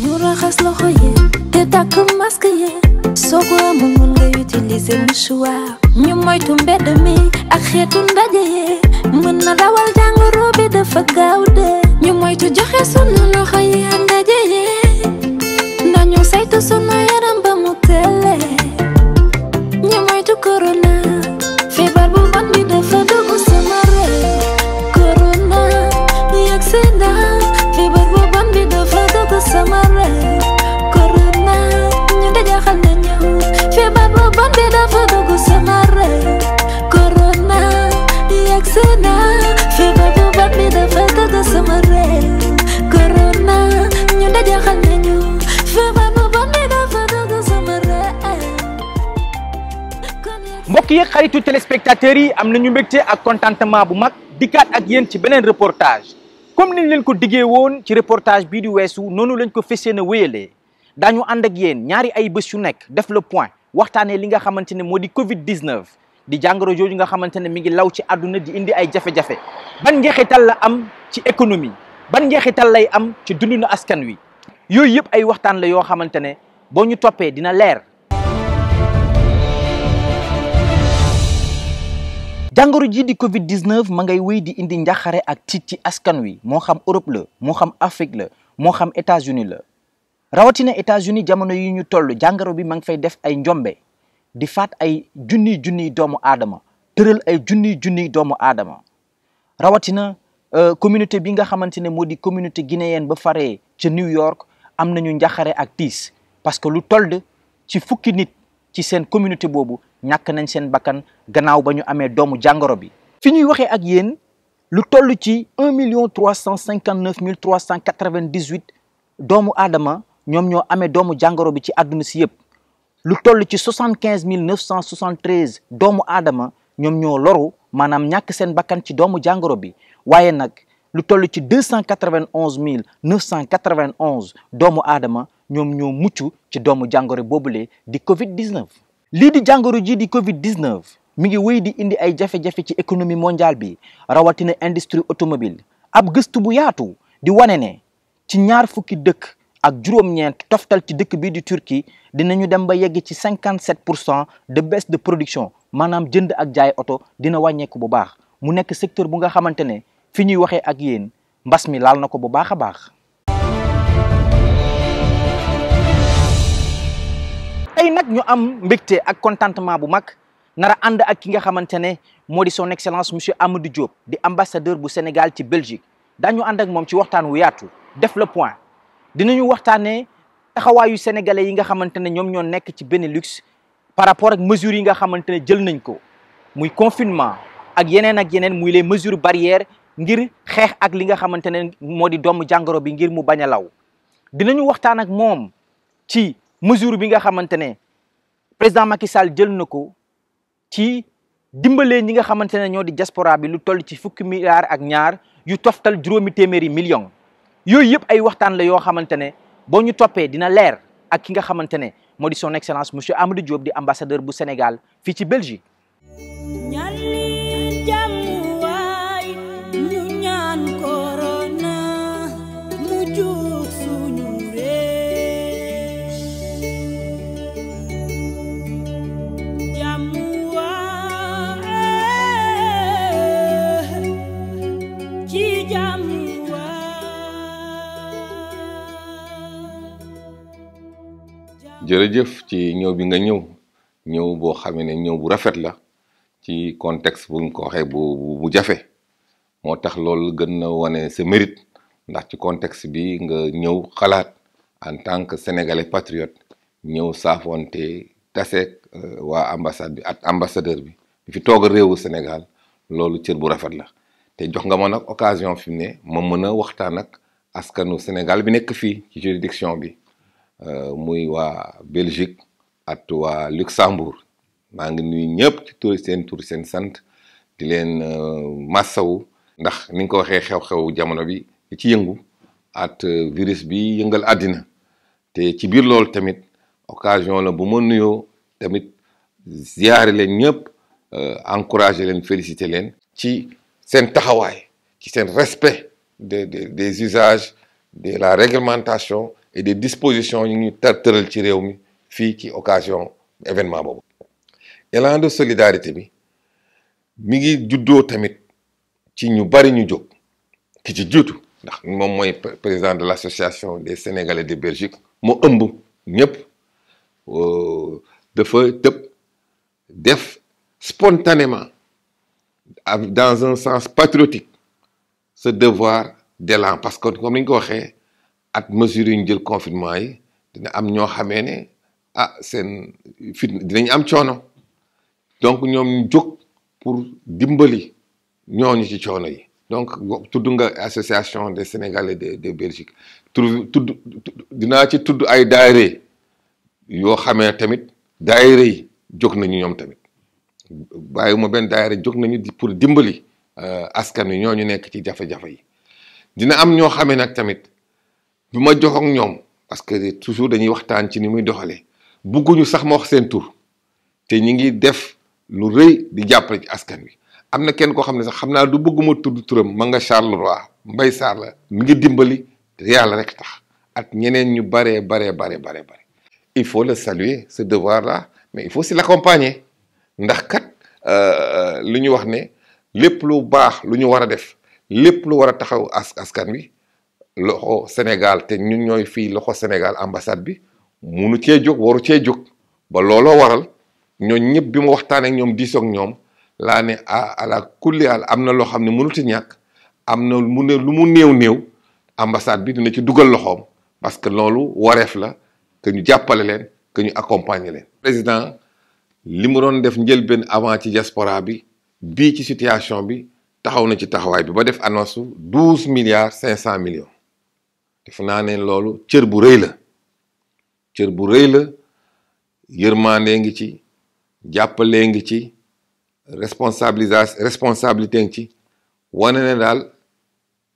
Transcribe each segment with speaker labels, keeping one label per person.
Speaker 1: ñu raxas loxo yi te takk masque yi soo ko amul mun nga utiliser mouchoir ñu moytu mbedd mi ak xeetu ndaje yi mën na dawal jàngoro bi dafa gaaw de ñu moytu joxe sunu loxo yi ak ndaje yi nañu saytu sunu yaram ba mu tële ñu moytu corona
Speaker 2: xaritu téléspectateurs yi am ñu mbégte ak contentement bu mag dikkaat ak yéen ci beneen reportage comme niñ leen ko diggee woon ci reportage bii di weesu noonu leen ko fesee na wéyalee daañu ànd ak yéen ñaari ay bés yu nekk def le point waxtaanee li nga xamante ne moo di Covid 19 di jàngoro jooju nga xamante ne mi ngi law ci àdduna di indi ay jafe-jafe ban njeexital la am ci économie ban njeexital lay am ci dundinu askan wi yooyu yëpp ay waxtaan la yoo xamante ne boo ñu toppee dina leer. jàngoro ji di Covid 19 ma ngay wéy di indi njaxare ak tiit ci askan wi moo xam Europe la moo xam Afrique la moo xam États-Unis la rawatina États-Unis jamono yi ñu toll jàngoro bi ma ngi fay def ay njombe di faat ay junni junniy doomu aadama tëral ay junni junniy doomu aadama rawatina euh, communauté bi nga xamante ne moo di communauté guinéenne ba faree ca New York am nañu njaxare ak tiis parce que lu toll ci fukki nit ci seen communauté boobu. ñàkk nañ seen bakkan gannaaw ba ñu amee doomu jàngoro bi fi ñuy waxee ak yéen lu toll ci un million trois cent cinquante cent quatre vingt dix doomu aadama ñoom ñoo amee doomu jàngoro bi ci àdduna si yëpp lu toll ci soixante quinze mille neuf cent doomu aadama ñoom ñoo loru maanaam ñàkk seen bakkan ci doomu jàngoro bi waaye nag lu toll ci deux cent quatre vingt onze mille neuf cent quatre doomu aadama ñoom ñoo mucc ci doomu jàngoro boobule di Covid 19. lii di jàngoro jii di Covid 19 mi ngi wéy di indi ay jafe-jafe ci économie mondiale bi rawatina industrie automobile ab gëstu bu yaatu di wane ne ci ñaar fukki dëkk ak juróom-ñeent toftal ci dëkk bii di Turquie dinañu dem ba yegg ci 57 pour cent de baisse de production maanaam jënd ak jaay oto dina wàññeeku bu baax mu nekk secteur bu nga xamante ne fi ñuy waxee ak yéen mbas mi laal na ko bu baax a baax. nag ñu am mbégte ak contentement bu mag nara ànd ak ki nga xamante ne moo di son excellence monsieur Amadou Diop di ambassadeur bu Sénégal ci Belgique ñu ànd ak moom ci waxtaan wu yaatu def le point dinañu waxtaanee taxawaayu sénégalais yi nga xamante ne ñoom ñoo nekk ci Benelux par rapport ak mesures yi nga xamante ne jël nañ ko muy confinement ak yeneen ak yeneen muy les mesures barrières ngir xeex ak li nga xamante ne moo di doomu jàngoro bi ngir mu bañ a law nga xamante président Macky Sall jël na ko ci dimbalee ñi nga xamante ne ñoo di diaspora bi lu toll ci fukki milliards ak ñaar yu toftal juróomi téeméeri millions yooyu yëpp ay waxtaan la yoo xamante ne boo ñu toppee dina leer ak ki nga xamante ne moo di son excellence monsieur Amadou Diop di ambassadeur bu Sénégal fii ci Belgique
Speaker 3: jëf ci ñëw bi nga ñëw ñëw boo xamee ne ñëw bu rafet la ci contexte buñ ko waxee bu bu jafe moo tax loolu gën na wane sa mérite ndax ci contexte bi nga ñëw xalaat en tant que sénégalais patriote ñëw saafonte taseeg euh, waa ambassade bi ak ambassadeur bi di fi toog réewu Sénégal loolu cër bu rafet la te jox nga ma nag occasion fi mu ne ma mën a waxtaan ak askanu Sénégal bi nekk fii ci juridiction bi Euh, muy waa Belgique at waa Luxembourg maa ngi nuyu ñëpp ci seen tur seen sant di leen euh, massawu ndax ni nga ko waxee xew-xew jamono bi ci yëngu at euh, virus bi yëngal àddina te ci biir loolu tamit occasion la bu ma nuyoo tamit ziyaare leen ñëpp encourager leen féliciter leen ci seen taxawaay ci seen respect des des des usages de la réglementation et des dispositions yu ñu tëral ci réew mi fii ci occasion événement boobu élan de solidarité bi mi ngi juddoo tamit ci ñu bari ñu jóg ki ci juutu ndax moom mooy président de l'association des sénégalais de Belgique moo ëmb ñëpp euh, dafa tëb def spontanément dans un sens patriotique ce devoir d'élan parce que comme ni ñu ko waxee ak mesures yi ñu jël confinement yi dina am ñoo xamee ne ah seen fitna dinañ am coono donc ñoom jóg pour dimbali ñooñu ci coono yi donc tudd nga association de sénégalais de de Belgique tudd dinaa ci tudd ay daayira yoo xamee tamit daayira yi jóg nañu ñoom tamit bàyyiwuma benn daayira jóg nañu pour dimbali euh, askan wi ñooñu nekk ci jafe yi dina am ñoo xamee nag tamit bi ma jox ak ñoom parce que toujours dañuy waxtaan ci ni muy doxalee bugguñu sax ma wax seen tur te ñi ngi def lu rëy di jàppale ci askan wi am na kenn koo xam ne sax xam naa du bëgguma tudd turam ma nga Charles Roy Mbay Sarr la ngi dimbali yàlla rek tax ak ñeneen ñu baree baree bare bare bare il faut le saluer ce devoir là mais il faut si aussi l'accompagner ndax kat euh, euh, lu ñu wax ne lépp lu baax lu ñu war a def lépp lu war a taxaw as askan wi loxo Sénégal te ñu ñooy fii loxo Sénégal ambassade bi munu cee jóg waru cee jóg ba looloo waral ñooñ ñëpp bi mu waxtaaneek ñoom diisoog ñoom laa ne ah ala kulli al am na loo xam ne mënuti ñàkk am na mu lu mu néew néew ambassade bi dina ci dugal loxoom parce que loolu wareef la que ñu jàppale leen que ñu accompagner leen. président li mu doon def njëlbeen avant ci diaspora bi bii ci situation bi taxaw na ci taxawaay bi ba def annonce douze milliards cinq cent millions. defe naa ne loolu cër bu rëy la cër bu rëy la yërmande ngi ci jàppale ngi ci responsabilisation responsabilité ngi ci wane ne daal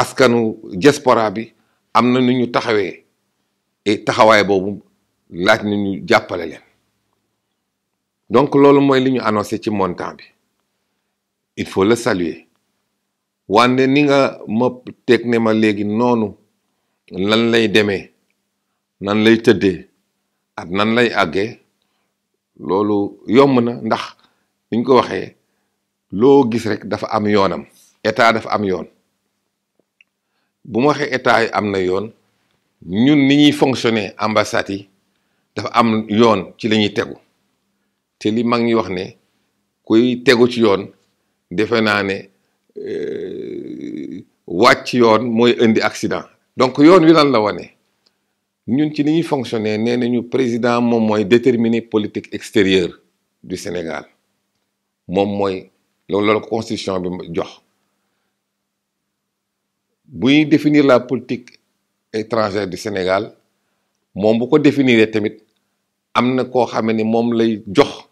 Speaker 3: askanu diaspora bi am na nu ñu taxawee et taxawaay boobu laaj na ñu jàppale leen donc loolu mooy li ñu annoncé ci montant bi il faut le saluer wande ni nga ma teg ma léegi noonu nan lay demee nan lay tëddee at nan lay àggee loolu yomb na ndax ni ñu ko waxee loo gis rek dafa am yoonam état dafa am yoon bu ma waxee état yi am na yoon ñun ni ñuy fonctionner ambassades yi dafa am yoon ci la ñuy tegu te li mag ñi wax ne kuy tegu ci yoon defe naa ne euh, wàcc yoon mooy indi accident donc yoon wi lan la wane ñun ci ni ñuy fonctionner nee nañu président moom mooy déterminer politique extérieure du Sénégal moom mooy loolu constitution bi jox buy définir la politique étrangère du Sénégal moom bu ko définir tamit am na koo xamee ni moom lay jox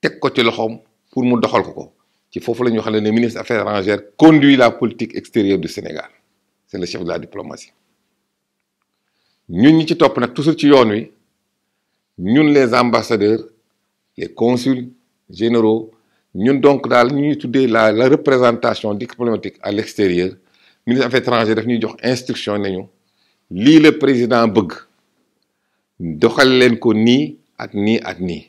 Speaker 3: teg ko ci loxoom pour mu doxal ko ko ci foofu la ñuy wax ne le ministre affaires étrangères conduit la politique extérieure du Sénégal. c'est le chef de la diplomatie ñun ñi ci topp nag toujours ci yoon wi ñun les ambassadeurs les consuls généraux ñun donc daal ñu ñuy tuddee la la représentation diplomatique à l'extérieur ministre affaires étrangères daf ñuy jox instruction nañu lii la président bëgg doxal leen ko nii ak nii ak nii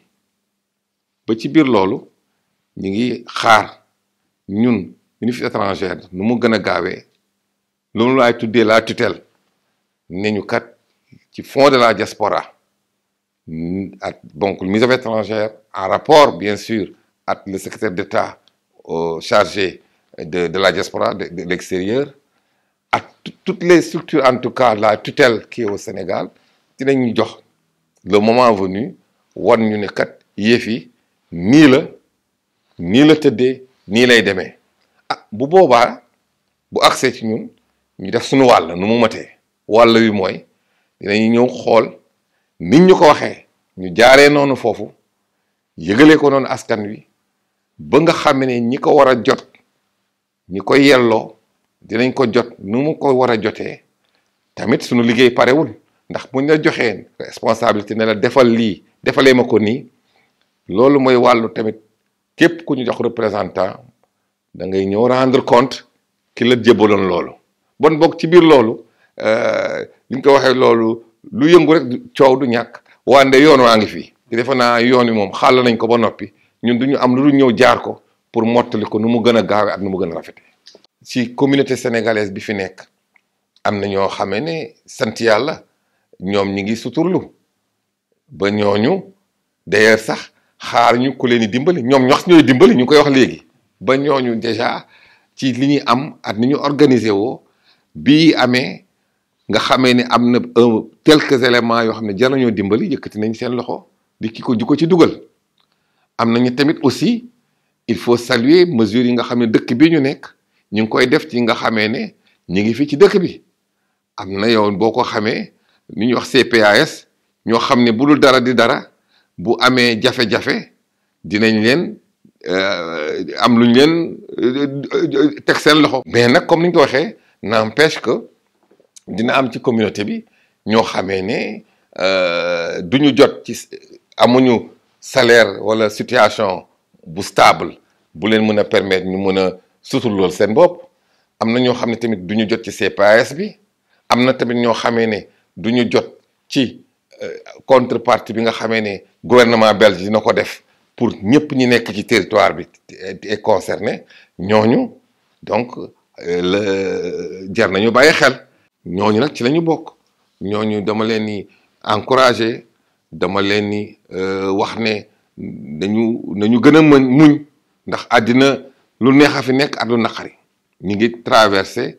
Speaker 3: ba ci biir loolu ñu ngi xaar ñun ministre étrangère nu mu gën a gaawee loolu laay tuddee la tutelle ne ñu kat ci fond de la diaspora ak donc mise aux étrangères en rapport bien sûr ak le secrétaire d'État euh, chargé de de la diaspora de l'extérieur ak toutes les structures en tout cas la tutelle qui est au Sénégal dinañ ñu jox le moment venu wan ñu ne kat yëf nii la nii la tëddee nii lay demee ah bu boobaa bu accès ci ñun. ñu def suñu wàll nu mu matee wàll wi mooy dinañ ñëw xool niñ ñu ko waxee ñu jaaree noonu foofu yëgalee ko noonu askan wi ba nga xam ne ñi ko war a jot ñi koy yelloo dinañ ko jot nu mu ko war a jotee tamit suñu liggéey parewul ndax buñ la joxee responsabilité ne la defal lii defalee ma ko nii loolu mooy wàllu tamit képp ku ñu jox représentant da ngay ñëw rendre compte ki la jébbaloon loolu bon bokk ci biir loolu li euh, ñu ko waxee loolu lu yëngu rek coow du ñàkk wande yoon waa ngi fi defe naa yoon wi moom xàll nañ ko ba noppi ñun du ñu am lu ñëw jaar ko pour mottali ko nu mu gën a gaawee ak nu mu gën a rafetee. ci communauté sénégalaise bi fi nekk am na ñoo xamee ne sant yàlla ñoom ñi ngi suturlu ba ñooñu d'ailleurs sax xaar ñu ko leen di dimbali ñoom ñox ñooy dimbali ñu koy wax léegi ba ñooñu déjà ci li ñuy am at ni ñu organiser woo. bi amee nga xamee ne am na euh, quelques éléments yoo xam ne jar nañoo dimbali yëkkati nañ seen loxo di ki ko di ko ci dugal am nañu tamit aussi il faut saluer mesures yi nga xam ne dëkk bi ñu nekk ñu ngi koy def ci nga xamee ne ñu ngi fii ci dëkk bi am na yow boo ko xamee lu ñuy wax CPAS ñoo xam ne bu dul dara di dara bu amee jafe-jafe dinañ leen euh, am luñ leen euh, teg seen loxo. mais nag comme ni ñu ko waxee. n'empêche que dina am ci communauté bi ñoo xamee ne euh, du ñu jot ci amuñu salaire wala situation bu stable bu leen mën a permettre ñu mën a sutur lool seen bopp am na ñoo xam ne tamit du ñu jot ci CPAS bi am na tamit ñoo xamee ne du ñu jot ci euh, contrepartie bi nga xamee ne gouvernement belge dina ko def pour ñëpp ñi nekk ci territoire bi est concerné ñooñu donc la eh, jar nañu bàyyi xel ñooñu nag ci la ñu bokk ñooñu dama leen ni encouragé dama leen ni euh, wax ne nañu nañu gën a mën muñ ndax àddina lu neex a fi nekk ak lu naqari ñu ngi traversé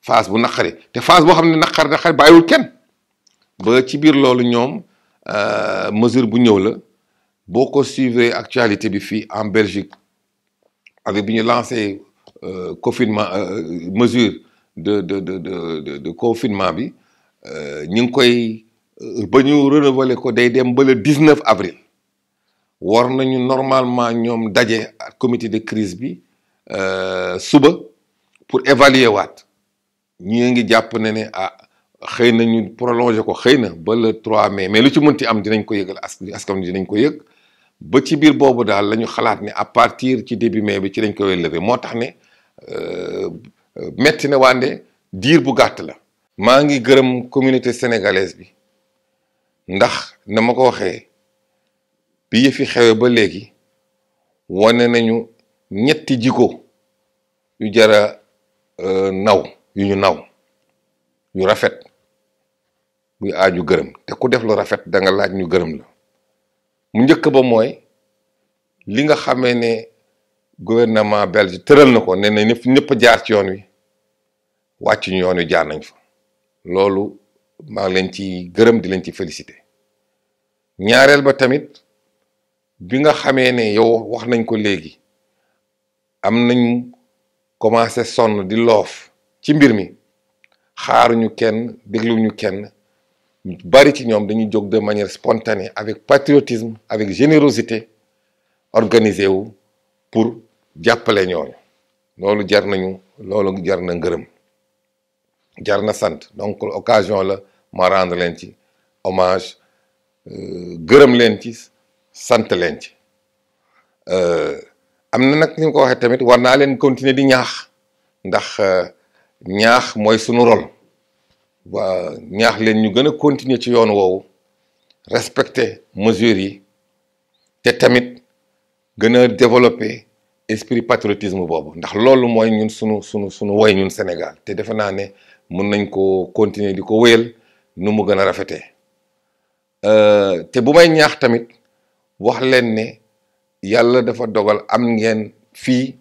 Speaker 3: phase bu naqari te phase boo xam ne naqar naqari bàyyiwul kenn ba ci biir loolu ñoom euh, mesure bu ñëw la boo ko suivre actualité bi fii en Belgique avec bi ñu lancé Euh, confinement euh, mesure de de de de de confinement bi euh, ñu ngi koy ba ñu renouveler ko day dem ba le 19 avril war nañu normalement ñoom daje ak comité de crise bi suba pour évaluer waat ñi ngi jàpp ne ne ah xëy na ñu prolonger ko xëy na ba le 3 mai mais lu ci mënti am dinañ ko yëgal askan dinañ ko yëg ba ci biir boobu daal la ñu xalaat ne à partir ci début mais bi ci lañ koy lever moo tax ne. Euh, metti na wànde diir bu gàtt la. maa ngi gërëm communauté sénégalaise bi ndax na ma ko waxee bi yëfi xewe ba léegi wane nañu ñetti jikko yu jara euh, naw yuñu naw yu rafet buy aaju gërëm te ku def lu rafet danga laaj ñu gërëm la mu njëkk ba mooy li nga xamee ne. gouvernement belge tëral na ko nee na ñëpp ñëpp jaar ci yoon wi wàccuñu yoon wi jaar nañ fa loolu maa ngi leen ci gërëm di leen ci félicité ñaareel ba tamit bi nga xamee ne yow wax nañ ko léegi am nañ commencé sonn di loof ci mbir mi xaaruñu kenn dégluñu kenn bari ci ñoom dañuy jóg de manière spontanée avec patriotisme avec générosité organisé wu pour jàppale ñooñu loolu jar nañu loolu jar na ngërëm jar na sant donc occasion la ma rendre leen ci hommage euh, gërëm leen ci sant leen ci euh, am na nag ni ko waxee tamit war naa leen continuer di ñaax ndax euh, ñaax mooy sunu rôle waa ñaax leen ñu gën a continuer ci yoon woowu respecter mesures yi te tamit gën a développer esprit patriotisme boobu ndax loolu mooy ñun sunu sunu sunu woy ñun Sénégal te defe naa ne mun nañ ko continuer di ko wéyal nu mu gën a rafetee euh, te bu may ñaax tamit wax leen ne yàlla dafa dogal am ngeen fii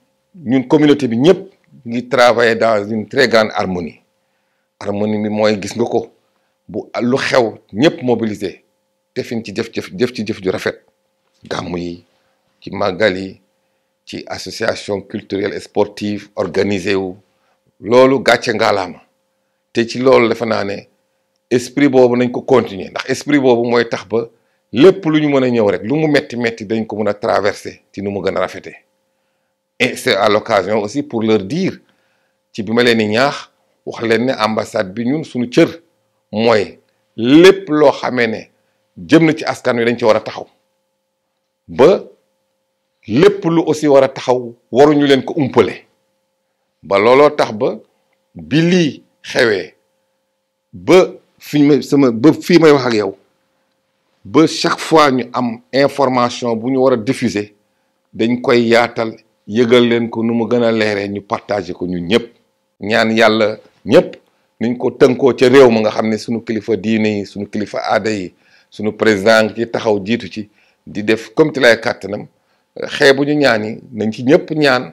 Speaker 3: ñun communauté bi ñëpp ngi travailler dans une très grande harmonie harmonie bi mooy gis nga ko bu lu xew ñëpp mobiliser te fi ñu ci jëf jëf jëf ci jëf ju rafet gàmm yi ci màggal yi ci association culturelle et sportive organisé wu loolu gàcce ngaalaama te ci loolu defe naa ne esprit boobu nañ ko continuer ndax esprit boobu mooy tax ba lépp lu ñu mën a ñëw rek lu mu metti metti dañ ko mën a traverser ti nu mu gën a rafete et c'est à l'occasion aussi pour leur dire ci bi ma leen ñaax wax leen ne ambassade bi ñun suñu cër mooy lépp loo xamee ne jëm na ci askan wi dañ ci war a taxaw ba lépp lu aussi war a taxaw waruñu leen ko umpale ba looloo tax ba bi lii xewee ba fi ma sama ba fii may wax ak yow ba chaque fois ñu am information bu ñu war a diffuser dañ koy yaatal yëgal leen ko nu mu gën a leeree ñu partager ko ñu ñëpp ñaan yàlla ñëpp nuñ ko tënkoo ca réew ma nga xam ne suñu kilifa diine yi suñu kilifa aada yi suñu président yi taxaw jiitu ci di def comme ti lay kàttanam xeebu ñu ñaan yi nañ ci ñëpp ñaan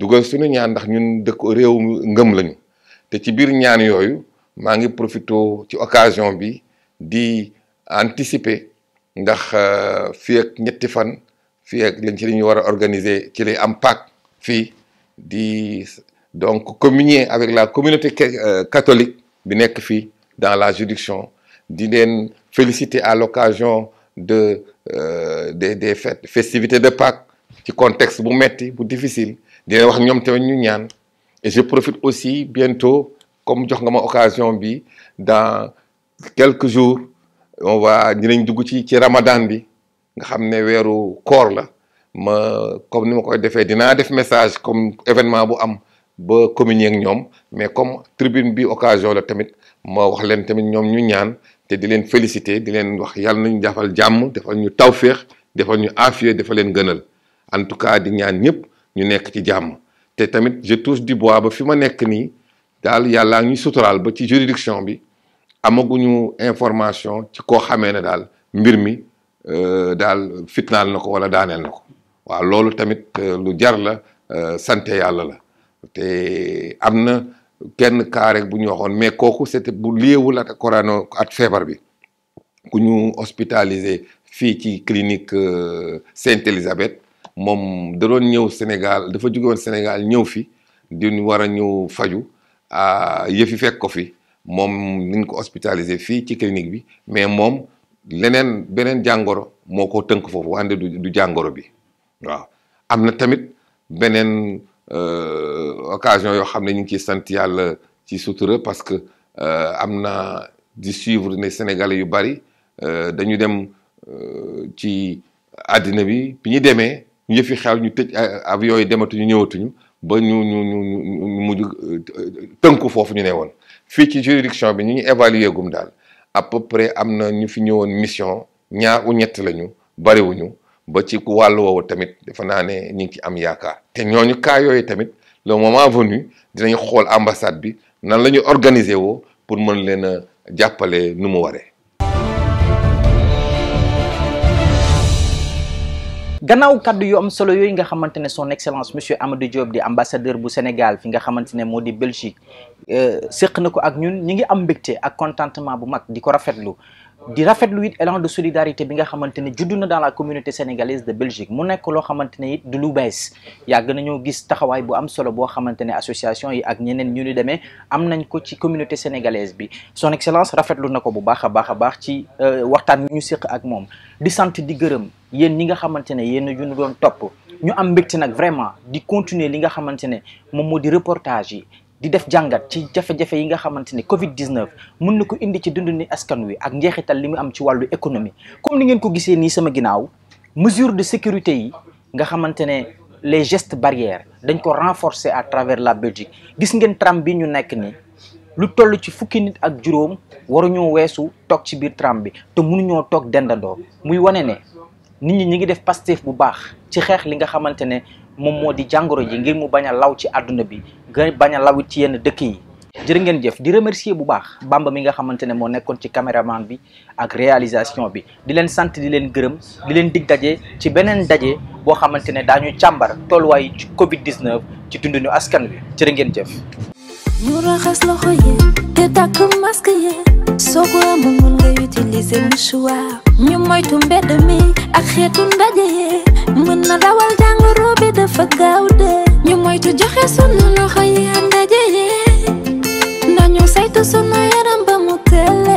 Speaker 3: dugal suñu ñaan ndax ñun dëkk réew ngëm lañu te ci biir ñaan yooyu maa ngi profité ci occasion bi di anticiper ndax euh, fii ak ñetti fan fii ak lañ ci li ñu war a organiser ci lay am Pâques fii di donc communier avec la communauté euh, catholique bi nekk fii dans la juridiction di leen féliciter à l'occasion de Euh, des des fêtes de Pâques ci contexte bu metti bu difficile dina wax ñoom tamit ñu ñaan et je profit aussi bientôt comme jox nga ma occasion bi dans quelques jours on va dinañ dugg ci ci Ramadan bi nga xam ne weeru koor la ma comme ni ma koy defee dinaa def message comme événement bu am ba communier ak ñoom mais comme tribune bi occasion la tamit ma wax leen tamit ñoom ñu ñaan te di leen félicité di leen wax yàlla nañu defal jàmm defal ñu tawféex defal ñu aafiya defal leen gënal en tout cas di ñaan ñëpp ñu nekk ci jàmm te tamit je touche di bois ba fi ma nekk nii daal yàlla yàllaa ñuy suturaal ba ci juridiction bi amaguñu information ci koo xamee ne daal mbir mi euh, daal fitnaal na ko wala daaneel na ko waaw loolu tamit euh, lu jar la euh, santé yàlla la te am na kenn cas rek bu ñu mais kooku c'était bu liewul ak corona at feebar bi ku ñu hospitalisé fii ci clinique euh, Sainte-Élisabeth moom da doon ñëw Sénégal dafa jóge Sénégal ñëw fi di war a ñëw faju yëfi fekk ko fi moom niñ ko hospitalisé fii ci clinique bi mais moom leneen beneen jàngoro moo ko tënk foofu wande du jàngoro bi waaw am na tamit beneen Euh, occasion yoo xam ne ñu ngi ciy sant yàlla ci sutura parce que euh, am na di suivre ne sénégalais yu bari euh, dañu dem ci àddina bi bi ñu demee ñu fi xew ñu tëj avion yi dematuñu ñëwatuñu ba ñu ñu ñu ñu mujj tënku foofu ñu ne woon fii ci juridiction bi ñu ngi évaluer gum daal à peu près am na ñu fi ñëwoon mission ñaar u ñett lañu bariwuñu ba ci wàll woowu tamit defa naa ne ñu ngi ci am yaakaar te ñooñu kaa yooyu tamit le moment venu dinañ xool ambassade bi nan lañu ñu organiser pour mën leen a jàppale nu mu waree.
Speaker 2: gannaaw kaddu yu am solo yooyu nga xamante ne son excellence monsieur Amadou Diop di ambassadeur bu Sénégal fi nga xamante ne moo di Belgique euh, séq na ko ak ñun ñi ngi am mbégte ak contentement bu mag di ko rafetlu di rafetlu it élan de solidarité bi nga xamante ne juddu na dans la communauté sénégalaise de Belgique mu nekk loo xamante ne du lu bees yàgg nañoo gis taxawaay bu am solo boo xamante ne association yi ak ñeneen ñu ni demee am nañ ko ci communauté sénégalaise bi son excellence rafetlu na ko bu baax a baax a baax ci euh, waxtaan ñu séq ak moom di sant di gërëm yéen ñi nga xamante ne yéen ñu doon topp ñu am mbégte nag vraiment di continuer li nga xamante ne moom moo di reportage yi di def jàngat ci jafe-jafe yi nga xamante ne Covid 19 mun na ko indi ci dundu ni askan wi ak njeexital li mu am ci wàllu économie comme ni ngeen ko gisee nii sama ginnaaw mesure de sécurité yi nga xamante ne les gestes barrières dañ ko renforcer à travers la Belgique gis ngeen tram bi ñu nekk ni lu toll ci fukki nit ak juróom waruñoo weesu toog ci biir tram bi te mënuñoo toog dendandoo muy wane ne nit ñi ñi ngi def Pastef bu baax ci xeex li nga xamante ne moom moo di jàngoro ji ngir mu bañ a law ci àdduna bi nga bañ a lawit ci yenn dëkk yi jërë ngeen jëf di remercier bu baax Bamba mi nga xamante ne moo nekkoon ci caméraman bi ak réalisation bi di leen sant di leen gërëm di leen dig daje ci beneen daje boo xamante ne daañu càmbar tolluwaay ci Covid 19 ci dundinu askan bi jër ngeen jëf.
Speaker 1: ñu raxas loxo yi te takk masque ñu moytu mbedd mi ak xeetu ndaje yi mën na dawal jàngoro bi dafa gaaw de ñu moytu joxe sunu loxo yi ak ndaje yi nañu saytu sunu yaram ba mu tële